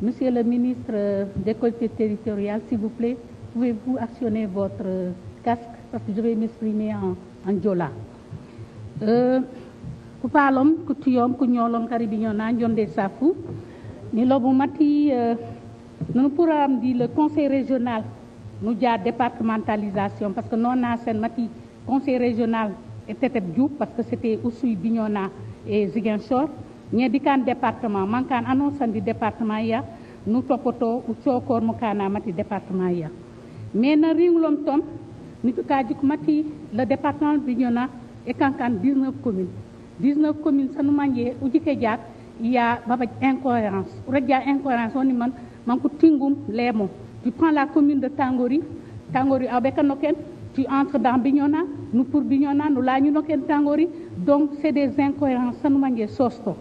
Monsieur le ministre des collectivités territoriales, s'il vous plaît, pouvez-vous actionner votre casque parce que je vais m'exprimer en, en Jola. Euh, kupaalom ku tuyom ku ñoolom karibiñona jonde safu ni lobu mati euh, nunu puram di le conseil régional nu jaar départementalisation parce que noona sen mati conseil régional e teteb Diouf parce que c'était Oussouye Bignona et Ziguinchor ñeɗi kan département man kan annonceandi département ya nu topoto cokor mo kana mati département ya mais na ringlom tom nitu ka juk mati le département bi ñona e kankan 19 commune 19 communes sanu manje ujike jak ya baba incohérence redia incohérence woni man manko tingum leemo tu prends la commune de Tangori Tangori awɓe kanno ken tu entres dans Bignona nous pour Bignona nous lañuno ken Tangori donc c'est des incohérences sanu manje sosto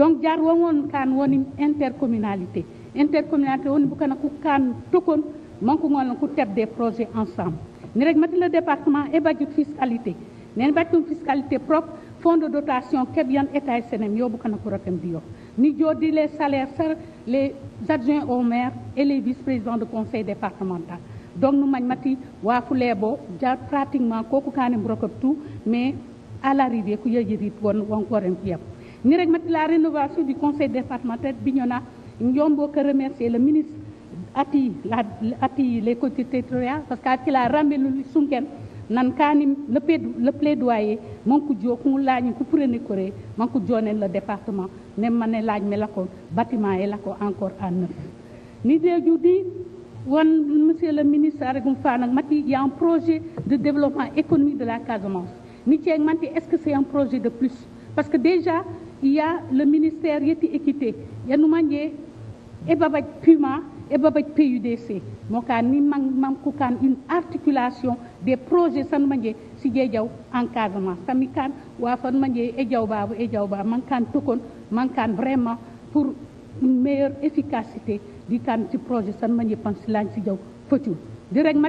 donc jaar won won kan woni intercommunalité intercommunalité woni bukana ku kan tokon manko ngol ku teb des projets ensemble ni rek mati le département e badjut fiscalité nen badjut fiscalité propre fonds de dotation keb yan état senem yo bukana ku ratem biyo ni jodi les salaires les adjoints au maire et les vice-présidents de conseil départemental donc nu mañ mati wa fulebo jaar pratiquement koku kanem rokop tout mais à l'arrivée ku yejerit won won ni rek matti la rénovation du conseil départemental Bignona Ndiombo que remercier le ministre ati la ati les collectivités territoriales parce que ati la rambelu sunken nan kani le, le plaidoyer manku jo ku lañ ku prene koré manku jonen le département ne mané lañ me la ko bâtiment et la ko encore à neuf ni deju di wan monsieur le ministre aregum fa nak mati y a un projet de développement économique de la Casamance ni ci manti est-ce un projet de plus il y le ministère Yeti Équité, Yanoumanye, Ebabak Puma, Ebabak PUDC. Mokani Mamkoukan, une articulation des projets Sanoumanye, Sidjaou, encadrement. Samikan, Wafan Manye, Ejaouba, man Mankan Tokon, Mankan vraiment pour une meilleure efficacité du camp du projet Sanoumanye Pansilan Sidjaou, Fotou. Directement,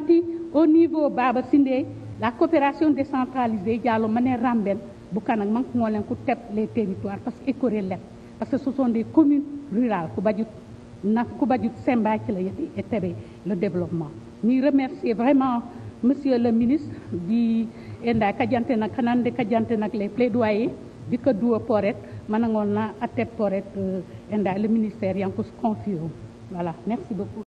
au niveau Baba Sindé, la coopération décentralisée, Diallo Mané Ramben, Bukanak manque moo leen ku teb les territoires parce que écoré leen parce que ce sont des communes rurales ku bajut na ku bajut semba ci la tebe le développement ñuy remercier vraiment monsieur le ministre di enda kajante nag xanande kajante nag les plaidoyers di ko duwa poret ma na ateb poret euh, enda le ministère yangi ko confié voilà merci beaucoup